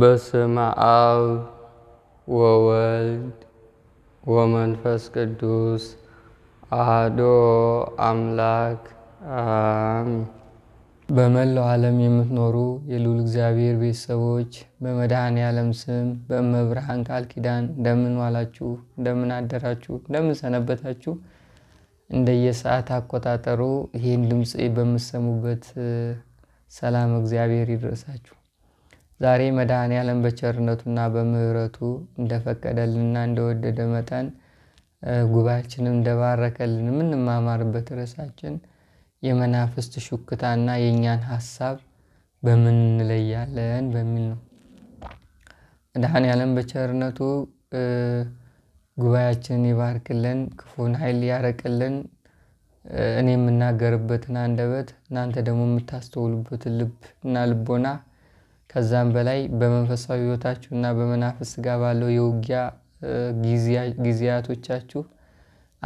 በስመ አብ ወወልድ ወመንፈስ ቅዱስ አሐዱ አምላክ አሜን። በመላው ዓለም የምትኖሩ የልዑል እግዚአብሔር ቤተሰቦች በመድኃኔ ዓለም ስም በእመብርሃን ቃል ኪዳን እንደምን ዋላችሁ፣ እንደምን አደራችሁ፣ እንደምን ሰነበታችሁ። እንደየሰዓት አቆጣጠሩ ይህን ድምፅ በምሰሙበት ሰላም እግዚአብሔር ይድረሳችሁ። ዛሬ መድኃኔ ዓለም በቸርነቱና በምሕረቱ እንደፈቀደልንና እንደወደደ መጠን ጉባኤያችንን እንደባረከልን የምንማማርበት ርዕሳችን የመናፍስት ሹክታና የእኛን ሀሳብ በምን እንለያለን በሚል ነው። መድኃኔ ዓለም በቸርነቱ ጉባኤያችንን ይባርክልን፣ ክፉን ኃይል ያረቅልን። እኔ የምናገርበትን አንደበት እናንተ ደግሞ የምታስተውሉበትን ልብ እና ልቦና ከዛም በላይ በመንፈሳዊ ህይወታችሁ እና በመናፈስ ስጋ ባለው የውጊያ ጊዜያቶቻችሁ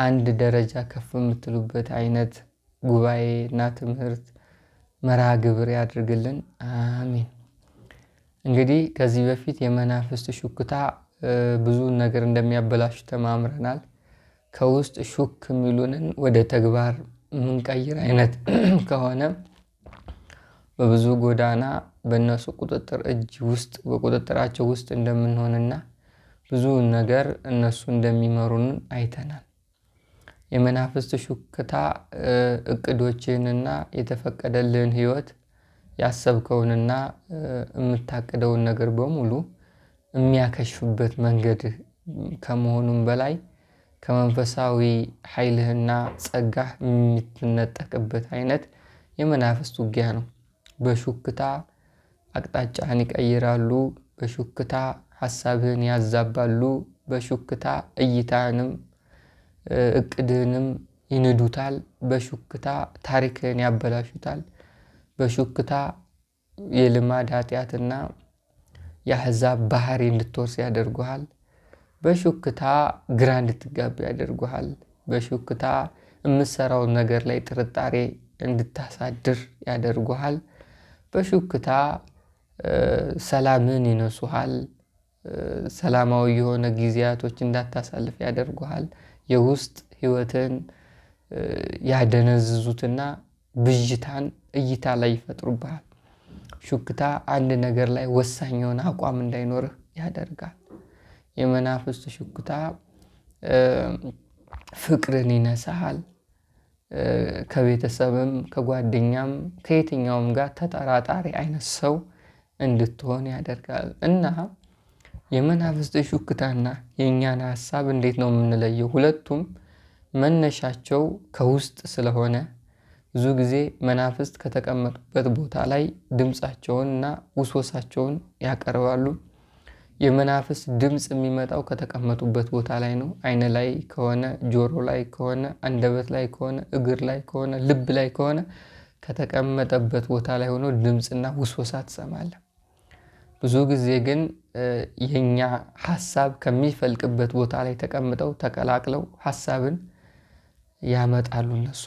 አንድ ደረጃ ከፍ የምትሉበት አይነት ጉባኤ እና ትምህርት መርሃ ግብር ያድርግልን። አሚን። እንግዲህ ከዚህ በፊት የመናፍስት ሹክታ ብዙ ነገር እንደሚያበላሹ ተማምረናል። ከውስጥ ሹክ የሚሉንን ወደ ተግባር የምንቀይር አይነት ከሆነ በብዙ ጎዳና በእነሱ ቁጥጥር እጅ ውስጥ በቁጥጥራቸው ውስጥ እንደምንሆንና ብዙ ነገር እነሱ እንደሚመሩን አይተናል። የመናፍስት ሹክታ እቅዶችንና የተፈቀደልህን ህይወት ያሰብከውንና የምታቅደውን ነገር በሙሉ የሚያከሽፍበት መንገድ ከመሆኑም በላይ ከመንፈሳዊ ኃይልህና ጸጋህ የምትነጠቅበት አይነት የመናፍስት ውጊያ ነው። በሹክታ አቅጣጫህን ይቀይራሉ፣ በሹክታ ሀሳብህን ያዛባሉ፣ በሹክታ እይታንም እቅድህንም ይንዱታል፣ በሹክታ ታሪክህን ያበላሹታል፣ በሹክታ የልማድ ኃጢአትና የአሕዛብ ባህሪ እንድትወርስ ያደርጉሃል፣ በሹክታ ግራ እንድትጋቡ ያደርጉሃል፣ በሹክታ የምትሰራውን ነገር ላይ ጥርጣሬ እንድታሳድር ያደርጉሃል። በሹክታ ሰላምን ይነሱሃል። ሰላማዊ የሆነ ጊዜያቶች እንዳታሳልፍ ያደርጉሃል። የውስጥ ህይወትን ያደነዝዙትና ብዥታን እይታ ላይ ይፈጥሩብሃል። ሹክታ አንድ ነገር ላይ ወሳኝ የሆነ አቋም እንዳይኖርህ ያደርጋል። የመናፍስት ሹክታ ፍቅርን ይነሳሃል። ከቤተሰብም ከጓደኛም ከየትኛውም ጋር ተጠራጣሪ አይነት ሰው እንድትሆን ያደርጋል እና የመናፍስት ሹክታና የእኛን ሀሳብ እንዴት ነው የምንለየው? ሁለቱም መነሻቸው ከውስጥ ስለሆነ ብዙ ጊዜ መናፍስት ከተቀመጡበት ቦታ ላይ ድምፃቸውን እና ውስወሳቸውን ያቀርባሉ። የመናፍስ ድምፅ የሚመጣው ከተቀመጡበት ቦታ ላይ ነው። አይን ላይ ከሆነ ጆሮ ላይ ከሆነ አንደበት ላይ ከሆነ እግር ላይ ከሆነ ልብ ላይ ከሆነ ከተቀመጠበት ቦታ ላይ ሆኖ ድምፅና ውስወሳ ትሰማለህ። ብዙ ጊዜ ግን የኛ ሀሳብ ከሚፈልቅበት ቦታ ላይ ተቀምጠው ተቀላቅለው ሀሳብን ያመጣሉ። እነሱ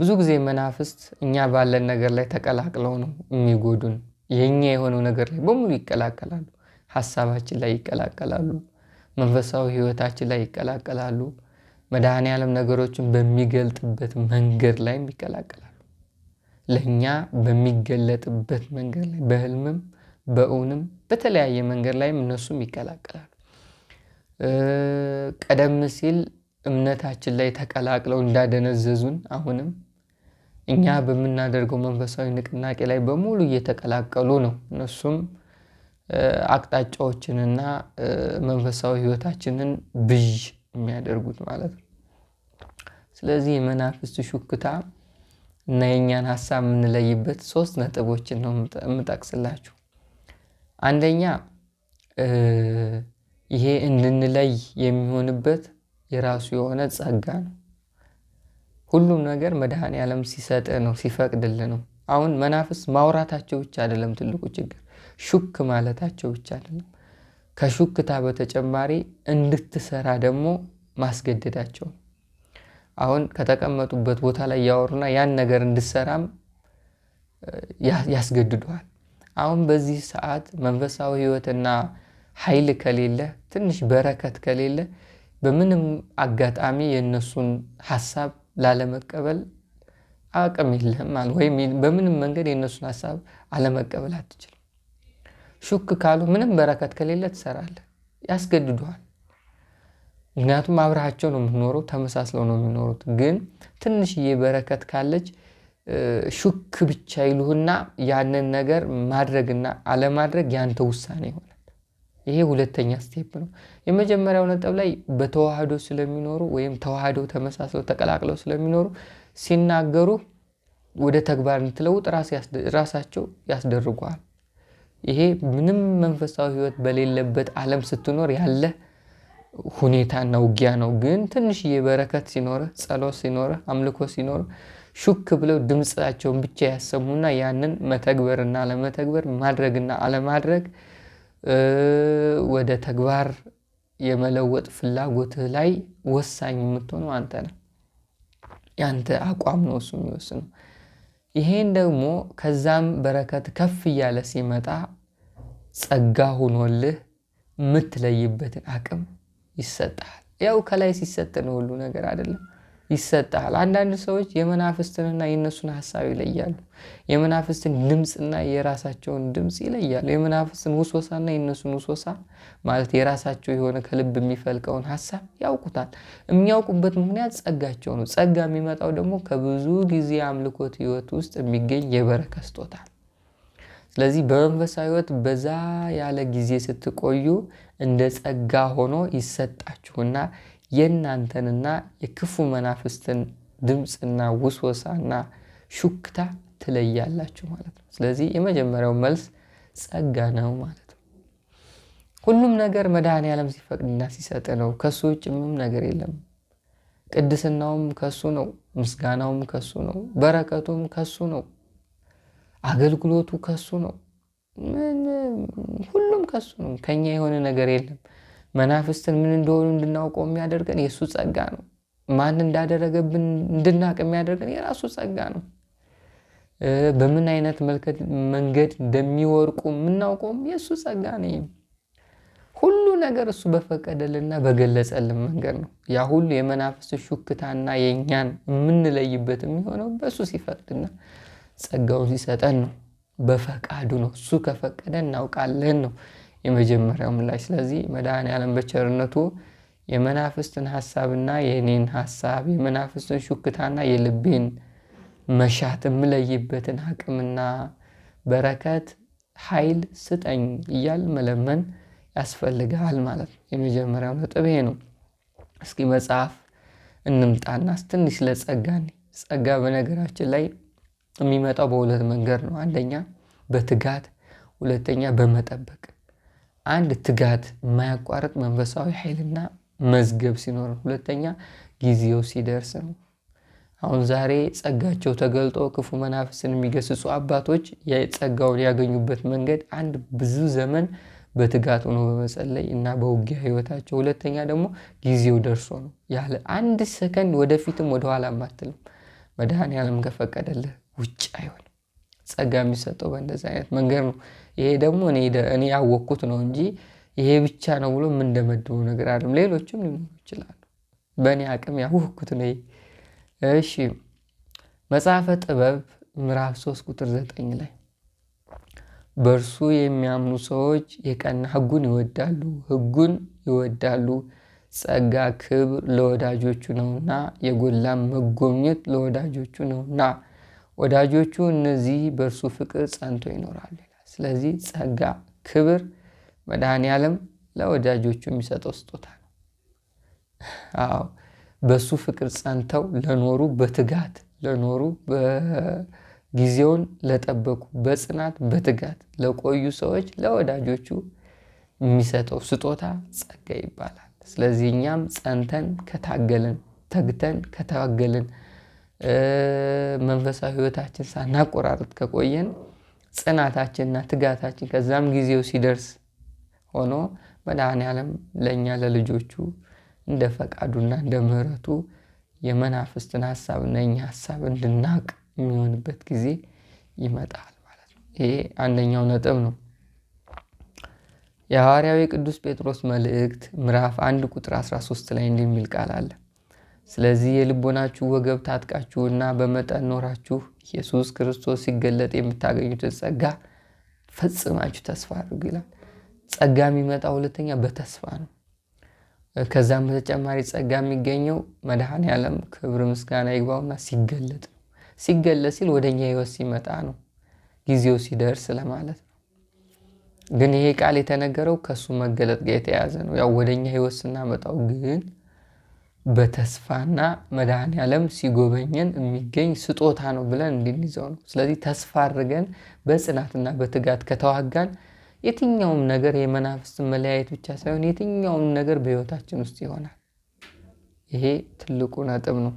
ብዙ ጊዜ መናፍስት እኛ ባለን ነገር ላይ ተቀላቅለው ነው የሚጎዱን። የኛ የሆነው ነገር ላይ በሙሉ ይቀላቀላሉ። ሀሳባችን ላይ ይቀላቀላሉ፣ መንፈሳዊ ህይወታችን ላይ ይቀላቀላሉ። መድኃኔ ዓለም ነገሮችን በሚገልጥበት መንገድ ላይም ይቀላቀላሉ። ለእኛ በሚገለጥበት መንገድ ላይ በህልምም በእውንም በተለያየ መንገድ ላይም እነሱም ይቀላቀላሉ። ቀደም ሲል እምነታችን ላይ ተቀላቅለው እንዳደነዘዙን አሁንም እኛ በምናደርገው መንፈሳዊ ንቅናቄ ላይ በሙሉ እየተቀላቀሉ ነው እነሱም አቅጣጫዎችንና መንፈሳዊ ህይወታችንን ብዥ የሚያደርጉት ማለት ነው። ስለዚህ የመናፍስት ሹክታ እና የእኛን ሀሳብ የምንለይበት ሶስት ነጥቦችን ነው የምጠቅስላችሁ። አንደኛ ይሄ እንድንለይ የሚሆንበት የራሱ የሆነ ጸጋ ነው። ሁሉም ነገር መድኃኔ ዓለም ሲሰጥ ነው ሲፈቅድል ነው። አሁን መናፍስ ማውራታቸው ብቻ አይደለም ትልቁ ችግር ሹክ ማለታቸው ብቻ አይደለም፣ ከሹክታ በተጨማሪ እንድትሰራ ደግሞ ማስገደዳቸው። አሁን ከተቀመጡበት ቦታ ላይ ያወሩና ያን ነገር እንድትሰራም ያስገድደዋል። አሁን በዚህ ሰዓት መንፈሳዊ ህይወትና ኃይል ከሌለ ትንሽ በረከት ከሌለ በምንም አጋጣሚ የእነሱን ሀሳብ ላለመቀበል አቅም የለህም፣ ወይም በምንም መንገድ የእነሱን ሀሳብ አለመቀበል አትችልም። ሹክ ካሉ ምንም በረከት ከሌለ ትሰራለህ፣ ያስገድዱሃል። ምክንያቱም አብረሃቸው ነው የምትኖረው፣ ተመሳስለው ነው የሚኖሩት። ግን ትንሽዬ በረከት ካለች ሹክ ብቻ ይሉህና ያንን ነገር ማድረግና አለማድረግ ያንተ ውሳኔ ይሆናል። ይሄ ሁለተኛ ስቴፕ ነው። የመጀመሪያው ነጥብ ላይ በተዋህዶ ስለሚኖሩ ወይም ተዋህዶ ተመሳስለው ተቀላቅለው ስለሚኖሩ ሲናገሩ ወደ ተግባር እንትለውጥ ራሳቸው ያስደርጓል። ይሄ ምንም መንፈሳዊ ህይወት በሌለበት ዓለም ስትኖር ያለ ሁኔታና ውጊያ ነው። ግን ትንሽዬ በረከት ሲኖረ፣ ጸሎት ሲኖረ፣ አምልኮ ሲኖረ ሹክ ብለው ድምፃቸውን ብቻ ያሰሙና ያንን መተግበርና አለመተግበር ማድረግና አለማድረግ ወደ ተግባር የመለወጥ ፍላጎትህ ላይ ወሳኝ የምትሆነው አንተ ነህ። ያንተ አቋም ነው እሱ የሚወስነው። ይሄን ደግሞ ከዛም በረከት ከፍ እያለ ሲመጣ ጸጋ ሁኖልህ የምትለይበትን አቅም ይሰጣል። ያው ከላይ ሲሰጥ ነው ሁሉ ነገር አይደለም። ይሰጣል አንዳንድ ሰዎች የመናፍስትንና የእነሱን ሀሳብ ይለያሉ። የመናፍስትን ድምፅና የራሳቸውን ድምፅ ይለያሉ። የመናፍስትን ውሶሳና የእነሱን ውሶሳ ማለት የራሳቸው የሆነ ከልብ የሚፈልቀውን ሀሳብ ያውቁታል። የሚያውቁበት ምክንያት ጸጋቸው ነው። ጸጋ የሚመጣው ደግሞ ከብዙ ጊዜ አምልኮት ህይወት ውስጥ የሚገኝ የበረከት ስጦታ ስለዚህ በመንፈሳዊ ህይወት በዛ ያለ ጊዜ ስትቆዩ እንደ ጸጋ ሆኖ ይሰጣችሁና የእናንተንና የክፉ መናፍስትን ድምፅና ውስወሳና ሹክታ ትለያላችሁ ማለት ነው። ስለዚህ የመጀመሪያው መልስ ጸጋ ነው ማለት ነው። ሁሉም ነገር መድኃኔ ዓለም ሲፈቅድና ሲሰጥ ነው። ከሱ ውጭ ምንም ነገር የለም። ቅድስናውም ከሱ ነው። ምስጋናውም ከሱ ነው። በረከቱም ከሱ ነው። አገልግሎቱ ከሱ ነው። ሁሉም ከሱ ነው። ከኛ የሆነ ነገር የለም። መናፍስትን ምን እንደሆኑ እንድናውቀው የሚያደርገን የእሱ ጸጋ ነው። ማን እንዳደረገብን እንድናቅ የሚያደርገን የራሱ ጸጋ ነው። በምን አይነት መንገድ እንደሚወርቁ የምናውቀውም የእሱ ጸጋ ነው። ሁሉ ነገር እሱ በፈቀደልና በገለጸልን መንገድ ነው። ያ ሁሉ የመናፍስት ሹክታና የእኛን የምንለይበት የሚሆነው በእሱ ሲፈቅድና ጸጋውን ሲሰጠን ነው። በፈቃዱ ነው። እሱ ከፈቀደ እናውቃለን ነው የመጀመሪያው ምላሽ። ስለዚህ መድኃኔ ዓለም በቸርነቱ የመናፍስትን ሀሳብና የእኔን ሀሳብ የመናፍስትን ሹክታና የልቤን መሻት የምለይበትን አቅምና በረከት ኃይል ስጠኝ እያል መለመን ያስፈልጋል ማለት ነው። የመጀመሪያው ነጥብ ይሄ ነው። እስኪ መጽሐፍ እንምጣና ትንሽ ለጸጋ ጸጋ በነገራችን ላይ የሚመጣው በሁለት መንገድ ነው። አንደኛ በትጋት ሁለተኛ በመጠበቅ አንድ ትጋት፣ የማያቋርጥ መንፈሳዊ ኃይልና መዝገብ ሲኖር፣ ሁለተኛ ጊዜው ሲደርስ ነው። አሁን ዛሬ ጸጋቸው ተገልጦ ክፉ መናፍስን የሚገስጹ አባቶች ጸጋውን ያገኙበት መንገድ አንድ ብዙ ዘመን በትጋት ሆኖ በመጸለይ እና በውጊያ ህይወታቸው፣ ሁለተኛ ደግሞ ጊዜው ደርሶ ነው። ያለ አንድ ሰከንድ ወደፊትም ወደኋላ አትልም። መድኃኔ ያለም ከፈቀደልህ ውጭ አይሆንም። ጸጋ የሚሰጠው በእንደዚህ አይነት መንገድ ነው። ይሄ ደግሞ እኔ ያወቅኩት ነው እንጂ ይሄ ብቻ ነው ብሎ የምንደመድበው ነገር አለም። ሌሎችም ሊኖሩ ይችላሉ። በእኔ አቅም ያወቅኩት ነው። እሺ መጽሐፈ ጥበብ ምዕራፍ 3 ቁጥር 9 ላይ በእርሱ የሚያምኑ ሰዎች የቀና ሕጉን ይወዳሉ ሕጉን ይወዳሉ። ጸጋ ክብር ለወዳጆቹ ነውና፣ የጎላም መጎብኘት ለወዳጆቹ ነውና፣ ወዳጆቹ እነዚህ በእርሱ ፍቅር ጸንቶ ይኖራሉ። ስለዚህ ጸጋ፣ ክብር መድኃኔ ዓለም ለወዳጆቹ የሚሰጠው ስጦታ ነው። አዎ በሱ ፍቅር ጸንተው ለኖሩ በትጋት ለኖሩ ጊዜውን ለጠበቁ በጽናት በትጋት ለቆዩ ሰዎች ለወዳጆቹ የሚሰጠው ስጦታ ጸጋ ይባላል። ስለዚህ እኛም ጸንተን ከታገልን ተግተን ከታገልን መንፈሳዊ ሕይወታችን ሳናቆራረጥ ከቆየን ጽናታችንና ትጋታችን ከዛም ጊዜው ሲደርስ ሆኖ መድኃኔዓለም ለእኛ ለልጆቹ እንደ ፈቃዱና እንደ ምሕረቱ የመናፍስትን ሀሳብና የኛ ሀሳብ እንድናቅ የሚሆንበት ጊዜ ይመጣል ማለት ነው። ይሄ አንደኛው ነጥብ ነው። የሐዋርያዊ ቅዱስ ጴጥሮስ መልእክት ምዕራፍ አንድ ቁጥር 13 ላይ እንደሚል ቃል አለ ስለዚህ የልቦናችሁ ወገብ ታጥቃችሁና በመጠን ኖራችሁ ኢየሱስ ክርስቶስ ሲገለጥ የምታገኙትን ጸጋ ፈጽማችሁ ተስፋ አድርጉ ይላል። ጸጋ የሚመጣ ሁለተኛ በተስፋ ነው። ከዛም በተጨማሪ ጸጋ የሚገኘው መድኃኔ ዓለም ክብር ምስጋና ይግባውና ሲገለጥ ነው። ሲገለጥ ሲል ወደኛ ህይወት ሲመጣ ነው፣ ጊዜው ሲደርስ ለማለት ነው። ግን ይሄ ቃል የተነገረው ከእሱ መገለጥ ጋር የተያያዘ ነው። ያው ወደኛ ህይወት ስናመጣው ግን በተስፋና መድኃኔ ዓለም ሲጎበኘን የሚገኝ ስጦታ ነው ብለን እንድንይዘው ነው። ስለዚህ ተስፋ አድርገን በጽናትና በትጋት ከተዋጋን የትኛውም ነገር የመናፍስት መለያየት ብቻ ሳይሆን የትኛውም ነገር በሕይወታችን ውስጥ ይሆናል። ይሄ ትልቁ ነጥብ ነው።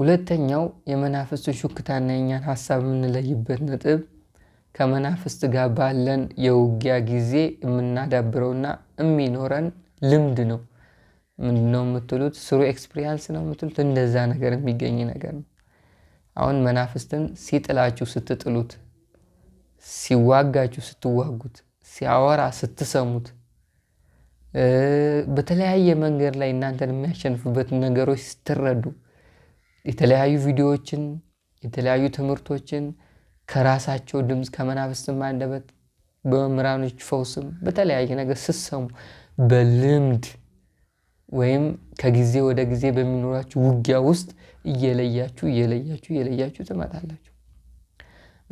ሁለተኛው የመናፍስቱ ሹክታና የእኛን ሀሳብ የምንለይበት ነጥብ ከመናፍስት ጋር ባለን የውጊያ ጊዜ የምናዳብረውና የሚኖረን ልምድ ነው። ምንድነው የምትሉት? ስሩ ኤክስፒሪያንስ ነው የምትሉት። እንደዛ ነገር የሚገኝ ነገር ነው። አሁን መናፍስትን ሲጥላችሁ ስትጥሉት፣ ሲዋጋችሁ ስትዋጉት፣ ሲያወራ ስትሰሙት፣ በተለያየ መንገድ ላይ እናንተን የሚያሸንፍበት ነገሮች ስትረዱ፣ የተለያዩ ቪዲዮዎችን፣ የተለያዩ ትምህርቶችን ከራሳቸው ድምፅ ከመናፍስትም አንደበት በመምህራኖች ፈውስም በተለያየ ነገር ስትሰሙ በልምድ ወይም ከጊዜ ወደ ጊዜ በሚኖራችሁ ውጊያ ውስጥ እየለያችሁ እየለያችሁ እየለያችሁ ትመጣላችሁ።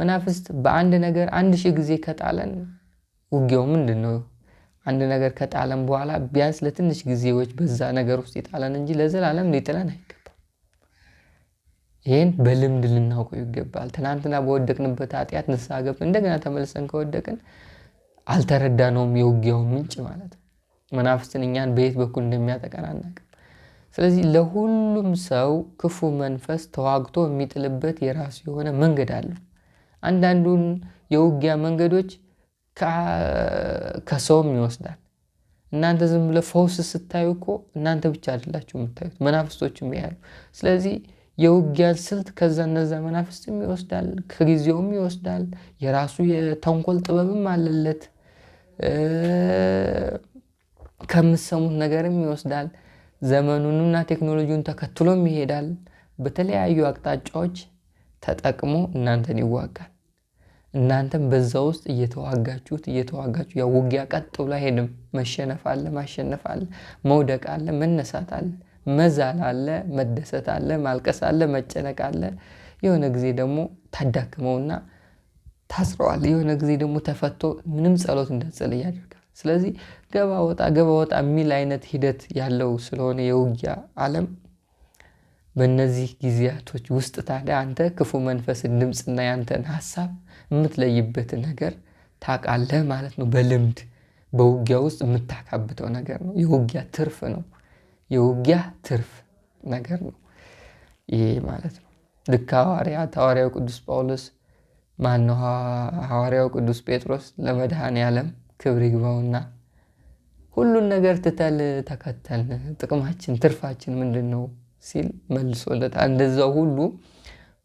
መናፍስት በአንድ ነገር አንድ ሺህ ጊዜ ከጣለን ውጊያው ምንድን ነው? አንድ ነገር ከጣለን በኋላ ቢያንስ ለትንሽ ጊዜዎች በዛ ነገር ውስጥ ይጣለን እንጂ ለዘላለም ሊጥለን አይገባም። ይህን በልምድ ልናውቀው ይገባል። ትናንትና በወደቅንበት ኃጢአት ንስሐ ገብተን እንደገና ተመልሰን ከወደቅን አልተረዳነውም የውጊያውን ምንጭ ማለት ነው። መናፍስትን እኛን በየት በኩል እንደሚያጠቃን አናውቅም። ስለዚህ ለሁሉም ሰው ክፉ መንፈስ ተዋግቶ የሚጥልበት የራሱ የሆነ መንገድ አለው። አንዳንዱን የውጊያ መንገዶች ከሰውም ይወስዳል። እናንተ ዝም ብለ ፈውስ ስታዩ እኮ እናንተ ብቻ አይደላችሁ የምታዩት፣ መናፍስቶችም ያሉ። ስለዚህ የውጊያን ስልት ከዛ እነዛ መናፍስትም ይወስዳል፣ ከጊዜውም ይወስዳል። የራሱ የተንኮል ጥበብም አለለት። ከምሰሙት ነገርም ይወስዳል። ዘመኑንና ቴክኖሎጂውን ተከትሎም ይሄዳል። በተለያዩ አቅጣጫዎች ተጠቅሞ እናንተን ይዋጋል። እናንተም በዛ ውስጥ እየተዋጋችሁት እየተዋጋችሁ ያ ውጊያ ቀጥ ብሎ አይሄድም። መሸነፍ አለ፣ ማሸነፍ አለ፣ መውደቅ አለ፣ መነሳት አለ፣ መዛል አለ፣ መደሰት አለ፣ ማልቀስ አለ፣ መጨነቅ አለ። የሆነ ጊዜ ደግሞ ታዳክመውና ታስረዋል። የሆነ ጊዜ ደግሞ ተፈቶ ምንም ጸሎት እንዳትጸልይ ስለዚህ ገባ ወጣ ገባ ወጣ የሚል አይነት ሂደት ያለው ስለሆነ የውጊያ ዓለም በእነዚህ ጊዜያቶች ውስጥ ታዲያ አንተ ክፉ መንፈስን ድምፅና ያንተን ሀሳብ የምትለይበት ነገር ታውቃለህ ማለት ነው። በልምድ በውጊያ ውስጥ የምታካብተው ነገር ነው። የውጊያ ትርፍ ነው። የውጊያ ትርፍ ነገር ነው ይሄ ማለት ነው። ልክ ሐዋርያት ሐዋርያው ቅዱስ ጳውሎስ ማነው ሐዋርያው ቅዱስ ጴጥሮስ ለመድኃኔ ዓለም ክብር ይግባውና ሁሉን ነገር ትተል ተከተል ጥቅማችን ትርፋችን ምንድን ነው ሲል መልሶለታል። እንደዛው ሁሉ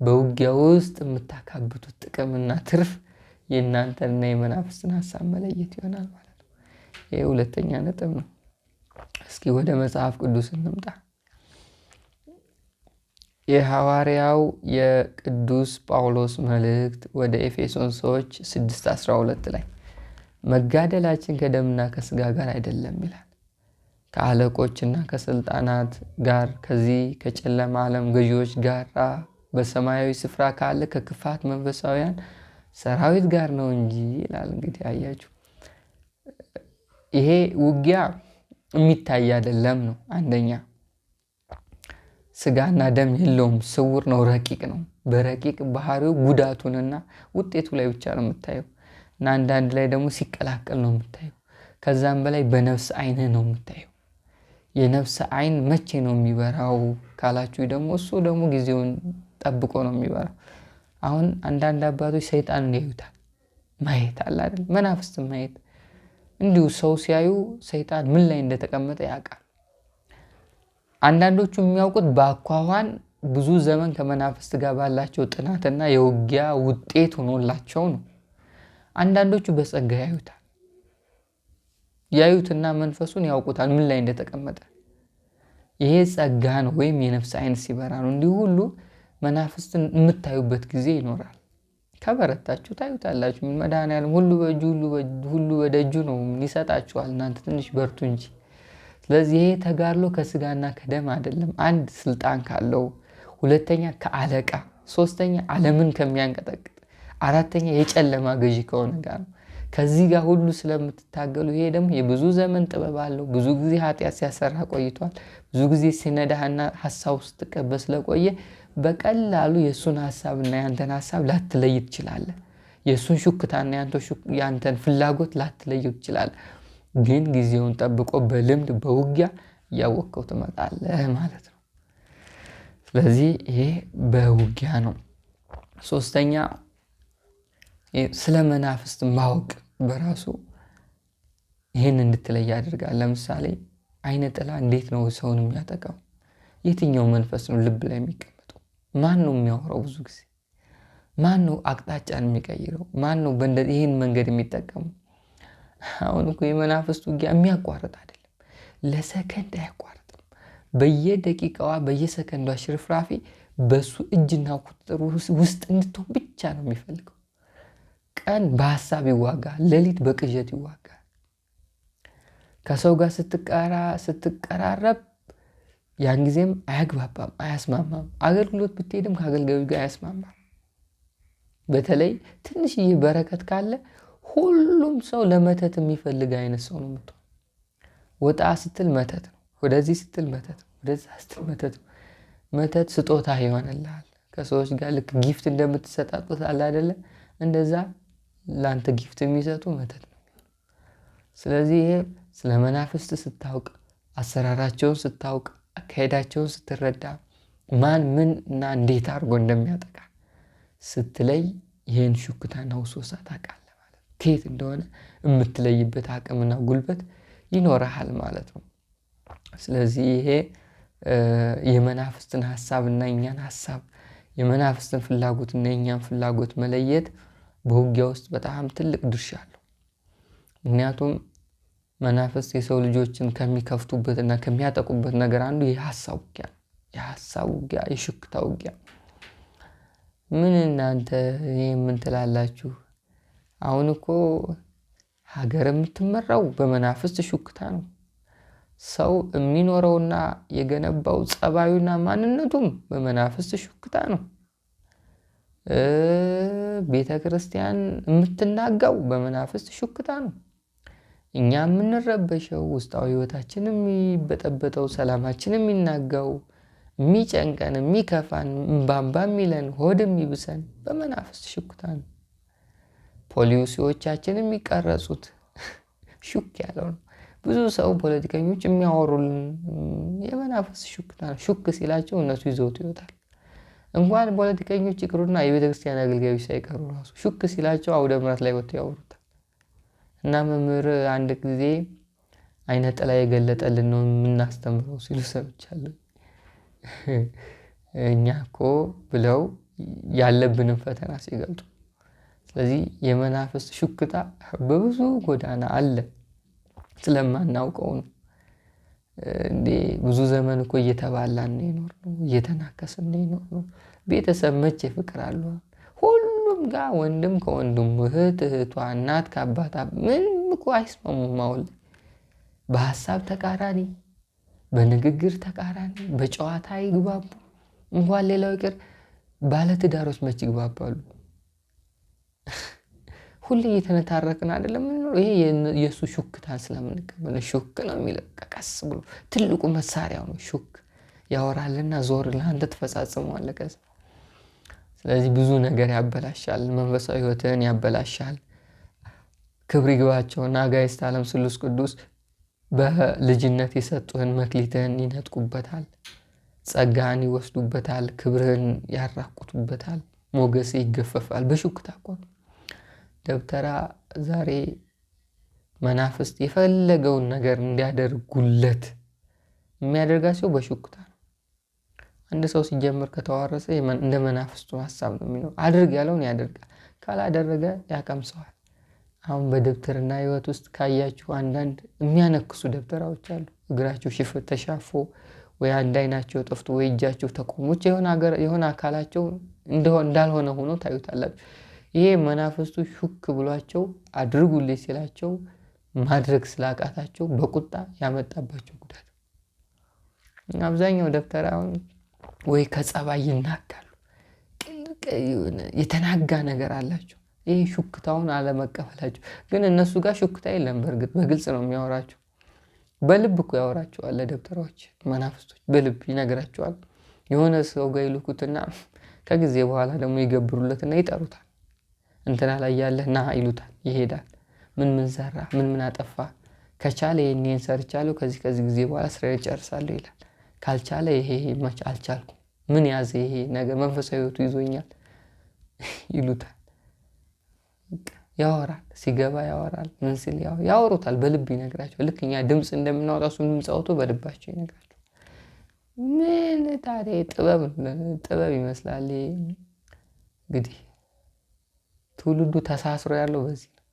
በውጊያ ውስጥ የምታካብቱት ጥቅምና ትርፍ የእናንተንና የመናፍስትን ሀሳብ መለየት ይሆናል ማለት ነው። ይህ ሁለተኛ ነጥብ ነው። እስኪ ወደ መጽሐፍ ቅዱስ እንምጣ። የሐዋርያው የቅዱስ ጳውሎስ መልእክት ወደ ኤፌሶን ሰዎች 6 12 ላይ መጋደላችን ከደምና ከስጋ ጋር አይደለም ይላል። ከአለቆችና ከስልጣናት ጋር ከዚህ ከጨለማ ዓለም ገዢዎች ጋር በሰማያዊ ስፍራ ካለ ከክፋት መንፈሳውያን ሰራዊት ጋር ነው እንጂ ይላል። እንግዲህ አያችሁ ይሄ ውጊያ የሚታይ አይደለም ነው። አንደኛ ስጋና ደም የለውም፣ ስውር ነው፣ ረቂቅ ነው። በረቂቅ ባህሪው ጉዳቱንና ውጤቱ ላይ ብቻ ነው የምታየው። እና አንዳንድ ላይ ደግሞ ሲቀላቀል ነው የምታየው። ከዛም በላይ በነፍስ አይንህ ነው የምታየው። የነፍስ አይን መቼ ነው የሚበራው ካላችሁ ደግሞ እሱ ደግሞ ጊዜውን ጠብቆ ነው የሚበራው። አሁን አንዳንድ አባቶች ሰይጣንን ያዩታል። ማየት አለ አይደል? መናፍስት ማየት እንዲሁ ሰው ሲያዩ ሰይጣን ምን ላይ እንደተቀመጠ ያውቃል። አንዳንዶቹ የሚያውቁት በአኳኋን ብዙ ዘመን ከመናፍስት ጋር ባላቸው ጥናትና የውጊያ ውጤት ሆኖላቸው ነው። አንዳንዶቹ በጸጋ ያዩታል። ያዩትና መንፈሱን ያውቁታል፣ ምን ላይ እንደተቀመጠ። ይሄ ጸጋ ነው ወይም የነፍስ አይን ሲበራ ነው። እንዲሁ ሁሉ መናፍስትን የምታዩበት ጊዜ ይኖራል። ከበረታችሁ ታዩታላችሁ። መድኃኔዓለም ሁሉ በእጁ ሁሉ እጁ ነው ይሰጣችኋል። እናንተ ትንሽ በርቱ እንጂ። ስለዚህ ይሄ ተጋድሎ ከስጋና ከደም አይደለም። አንድ ስልጣን ካለው፣ ሁለተኛ ከአለቃ፣ ሶስተኛ አለምን ከሚያንቀጠቅ አራተኛ የጨለማ ገዢ ከሆነ ጋር ነው። ከዚህ ጋር ሁሉ ስለምትታገሉ ይሄ ደግሞ የብዙ ዘመን ጥበብ አለው። ብዙ ጊዜ ኃጢአት ሲያሰራ ቆይቷል። ብዙ ጊዜ ሲነዳህና ሀሳብ ውስጥ ስለቆየ በቀላሉ የእሱን ሀሳብና ያንተን ሀሳብ ላትለይ ትችላለህ። የእሱን ሹክታና ያንተን ፍላጎት ላትለይ ትችላለህ። ግን ጊዜውን ጠብቆ በልምድ በውጊያ እያወቀው ትመጣለህ ማለት ነው። ስለዚህ ይሄ በውጊያ ነው። ሶስተኛ ስለ መናፍስት ማወቅ በራሱ ይህን እንድትለይ ያደርጋል። ለምሳሌ አይነ ጥላ እንዴት ነው ሰውን የሚያጠቃው? የትኛው መንፈስ ነው ልብ ላይ የሚቀመጠው? ማን ነው የሚያወራው? ብዙ ጊዜ ማን ነው አቅጣጫን የሚቀይረው? ማን ነው ይህን መንገድ የሚጠቀሙ? አሁን እኮ የመናፍስት ውጊያ የሚያቋርጥ አይደለም፣ ለሰከንድ አያቋርጥም። በየደቂቃዋ በየሰከንዷ ሽርፍራፊ በሱ እጅና ቁጥጥር ውስጥ እንድትሆን ብቻ ነው የሚፈልገው። ቀን በሀሳብ ይዋጋል፣ ሌሊት በቅዠት ይዋጋል። ከሰው ጋር ስትቀራረብ ያን ጊዜም አያግባባም፣ አያስማማም። አገልግሎት ብትሄድም ከአገልጋዮች ጋር አያስማማም። በተለይ ትንሽዬ በረከት ካለ ሁሉም ሰው ለመተት የሚፈልግ አይነት ሰው ነው ምቶ ወጣ ስትል መተት ነው፣ ወደዚህ ስትል መተት ነው፣ ወደዛ ስትል መተት ነው። መተት ስጦታ ይሆንልሃል። ከሰዎች ጋር ልክ ጊፍት እንደምትሰጣጡት አለ እንደዛ ለአንተ ጊፍት የሚሰጡ መተት ነው። ስለዚህ ይሄ ስለ መናፍስት ስታውቅ፣ አሰራራቸውን ስታውቅ፣ አካሄዳቸውን ስትረዳ፣ ማን ምን እና እንዴት አድርጎ እንደሚያጠቃ ስትለይ ይህን ሹክታና ውስወሳ ታውቃለህ ማለት ነው። ከየት እንደሆነ የምትለይበት አቅምና ጉልበት ይኖረሃል ማለት ነው። ስለዚህ ይሄ የመናፍስትን ሀሳብ እና የእኛን ሀሳብ የመናፍስትን ፍላጎት እና የእኛን ፍላጎት መለየት በውጊያ ውስጥ በጣም ትልቅ ድርሻ አለው። ምክንያቱም መናፍስት የሰው ልጆችን ከሚከፍቱበትና ከሚያጠቁበት ነገር አንዱ የሀሳብ ውጊያ ነው። የሀሳብ ውጊያ፣ የሽክታ ውጊያ። ምን እናንተ የምንትላላችሁ? አሁን እኮ ሀገር የምትመራው በመናፍስት ሹክታ ነው። ሰው የሚኖረውና የገነባው ጸባዩና ማንነቱም በመናፍስት ሹክታ ነው። ቤተ ክርስቲያን የምትናጋው በመናፍስት ሹክታ ነው። እኛ የምንረበሸው ውስጣዊ ህይወታችን የሚበጠበጠው፣ ሰላማችን የሚናጋው፣ የሚጨንቀን፣ የሚከፋን፣ እምባምባ የሚለን፣ ሆድ የሚብሰን በመናፍስት ሹክታ ነው። ፖሊሲዎቻችን የሚቀረጹት ሹክ ያለው ነው። ብዙ ሰው ፖለቲከኞች የሚያወሩልን የመናፍስት ሹክታ ነው። ሹክ ሲላቸው እነሱ ይዘውት ይወጣል። እንኳን ፖለቲከኞች ይቅሩና የቤተ ክርስቲያን አገልጋዮች ሳይቀሩ ራሱ ሹክ ሲላቸው አውደ ምራት ላይ ወጥተው ያወሩታል። እና መምህር አንድ ጊዜ አይነ ጥላ የገለጠልን ነው የምናስተምረው ሲሉ ሰምቻለሁ። እኛ እኮ ብለው ያለብንን ፈተና ሲገልጡ፣ ስለዚህ የመናፍስት ሹክታ በብዙ ጎዳና አለ ስለማናውቀው ነው። እንዴ ብዙ ዘመን እኮ እየተባላን ነው ይኖር ነው እየተናከስን ነው ይኖር ነው። ቤተሰብ መቼ ፍቅር አለ? ሁሉም ጋር ወንድም ከወንድሙ እህት እህቷ እናት ከአባታ ምንም እኮ አይስማሙም። አሁን በሀሳብ ተቃራኒ፣ በንግግር ተቃራኒ፣ በጨዋታ ይግባቡ እንኳን ሌላው ይቅር ባለትዳሮች መች ይግባባሉ? ሁሌ እየተነታረቅን አይደለም የምንኖረው። ይሄ የእሱ ሹክታ ስለምንቀበል ሹክ ነው የሚለው ቀስ ብሎ ትልቁ መሳሪያው ነው ሹክ። ያወራልና ዞር ለአንተ ትፈጻጽመዋለህ። ቀስ ስለዚህ ብዙ ነገር ያበላሻል፣ መንፈሳዊ ህይወትህን ያበላሻል። ክብር ይግባቸውና አጋዕዝተ ዓለም ስሉስ ቅዱስ በልጅነት የሰጡህን መክሊትህን ይነጥቁበታል፣ ጸጋህን ይወስዱበታል፣ ክብርህን ያራቁቱበታል፣ ሞገስ ይገፈፋል። በሹክታ እኮ ነው። ደብተራ ዛሬ መናፍስት የፈለገውን ነገር እንዲያደርጉለት የሚያደርጋቸው በሽኩታ ነው። አንድ ሰው ሲጀምር ከተዋረሰ እንደ መናፍስቱ ሀሳብ ነው የሚኖር። አድርግ ያለውን ያደርጋል፣ ካላደረገ ያቀምሰዋል። አሁን በደብተርና ህይወት ውስጥ ካያችሁ አንዳንድ የሚያነክሱ ደብተራዎች አሉ። እግራችሁ ሽፍ ተሻፎ ወይ አንድ አይናቸው ጠፍቶ ወይ እጃቸው ተቆሞች የሆነ አካላቸው እንዳልሆነ ሆኖ ታዩታላችሁ። ይሄ መናፍስቱ ሹክ ብሏቸው አድርጉልኝ ሲላቸው ማድረግ ስላቃታቸው በቁጣ ያመጣባቸው ጉዳት አብዛኛው ደብተራውን ወይ ከጸባይ ይናጋሉ። ጥልቅ የተናጋ ነገር አላቸው። ይሄ ሹክታውን አለመቀበላቸው ግን እነሱ ጋር ሹክታ የለም። በእርግጥ በግልጽ ነው የሚያወራቸው። በልብ እኮ ያወራቸዋል። ለደብተራዎች መናፍስቶች በልብ ይነግራቸዋል። የሆነ ሰው ጋር ይልኩትና ከጊዜ በኋላ ደግሞ ይገብሩለትና ይጠሩታል። እንትና ላይ ያለህ ና ይሉታል። ይሄዳል። ምን ምን ሰራ፣ ምን ምን አጠፋ፣ ከቻለ ይህን ሰርቻለሁ፣ ከዚህ ከዚህ ጊዜ በኋላ ስራ ይጨርሳለሁ ይላል። ካልቻለ ይሄ መች አልቻልኩ፣ ምን ያዘ ይሄ ነገር፣ መንፈሳዊ ህይወቱ ይዞኛል ይሉታል። ያወራል፣ ሲገባ ያወራል። ምን ሲል ያወሩታል። በልብ ይነግራቸው። ልክ እኛ ድምፅ እንደምናወጣ እሱም ድምፅ አውቶ በልባቸው ይነግራል። ምን ታዲያ ጥበብ ይመስላል እንግዲህ ትውልዱ ተሳስሮ ያለው በዚህ ነው።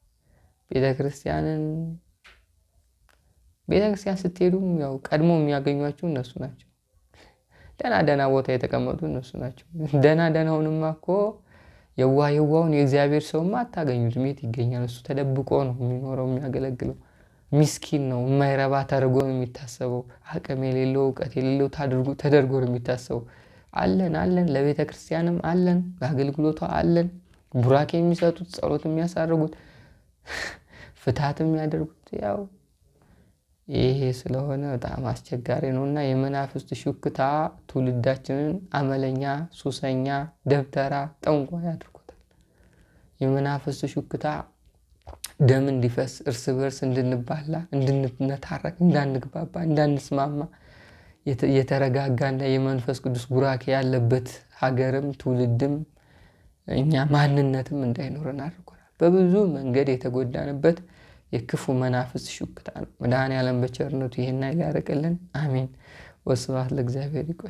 ቤተ ስትሄዱ ስትሄዱም ያው ቀድሞ የሚያገኟቸው እነሱ ናቸው። ደና ደና ቦታ የተቀመጡ እነሱ ናቸው። ደና ደህናውንማ እኮ የዋ የዋውን የእግዚአብሔር ሰውማ አታገኙትም። የት ይገኛል? እሱ ተደብቆ ነው የሚኖረው የሚያገለግለው። ሚስኪን ነው የማይረባ ተደርጎ ነው የሚታሰበው። አቅም የሌለው እውቀት የሌለው ተደርጎ ነው የሚታሰበው። አለን አለን፣ ለቤተ ክርስቲያንም አለን፣ ለአገልግሎቷ አለን። ቡራኬ የሚሰጡት ጸሎት የሚያሳርጉት ፍታት የሚያደርጉት ያው ይሄ ስለሆነ በጣም አስቸጋሪ ነው እና የመናፍስት ሹክታ ትውልዳችንን አመለኛ፣ ሱሰኛ፣ ደብተራ፣ ጠንቋ ያድርጎታል። የመናፍስት ሹክታ ደም እንዲፈስ፣ እርስ በርስ እንድንባላ፣ እንድንነታረቅ፣ እንዳንግባባ፣ እንዳንስማማ የተረጋጋና የመንፈስ ቅዱስ ቡራኬ ያለበት ሀገርም ትውልድም እኛ ማንነትም እንዳይኖረን አድርጎናል። በብዙ መንገድ የተጎዳንበት የክፉ መናፍስ ሹክታ ነው። መድኃኔ ዓለም በቸርነቱ ይህን ሊያርቅልን፣ አሜን። ወስብሐት ለእግዚአብሔር። ይቆይ።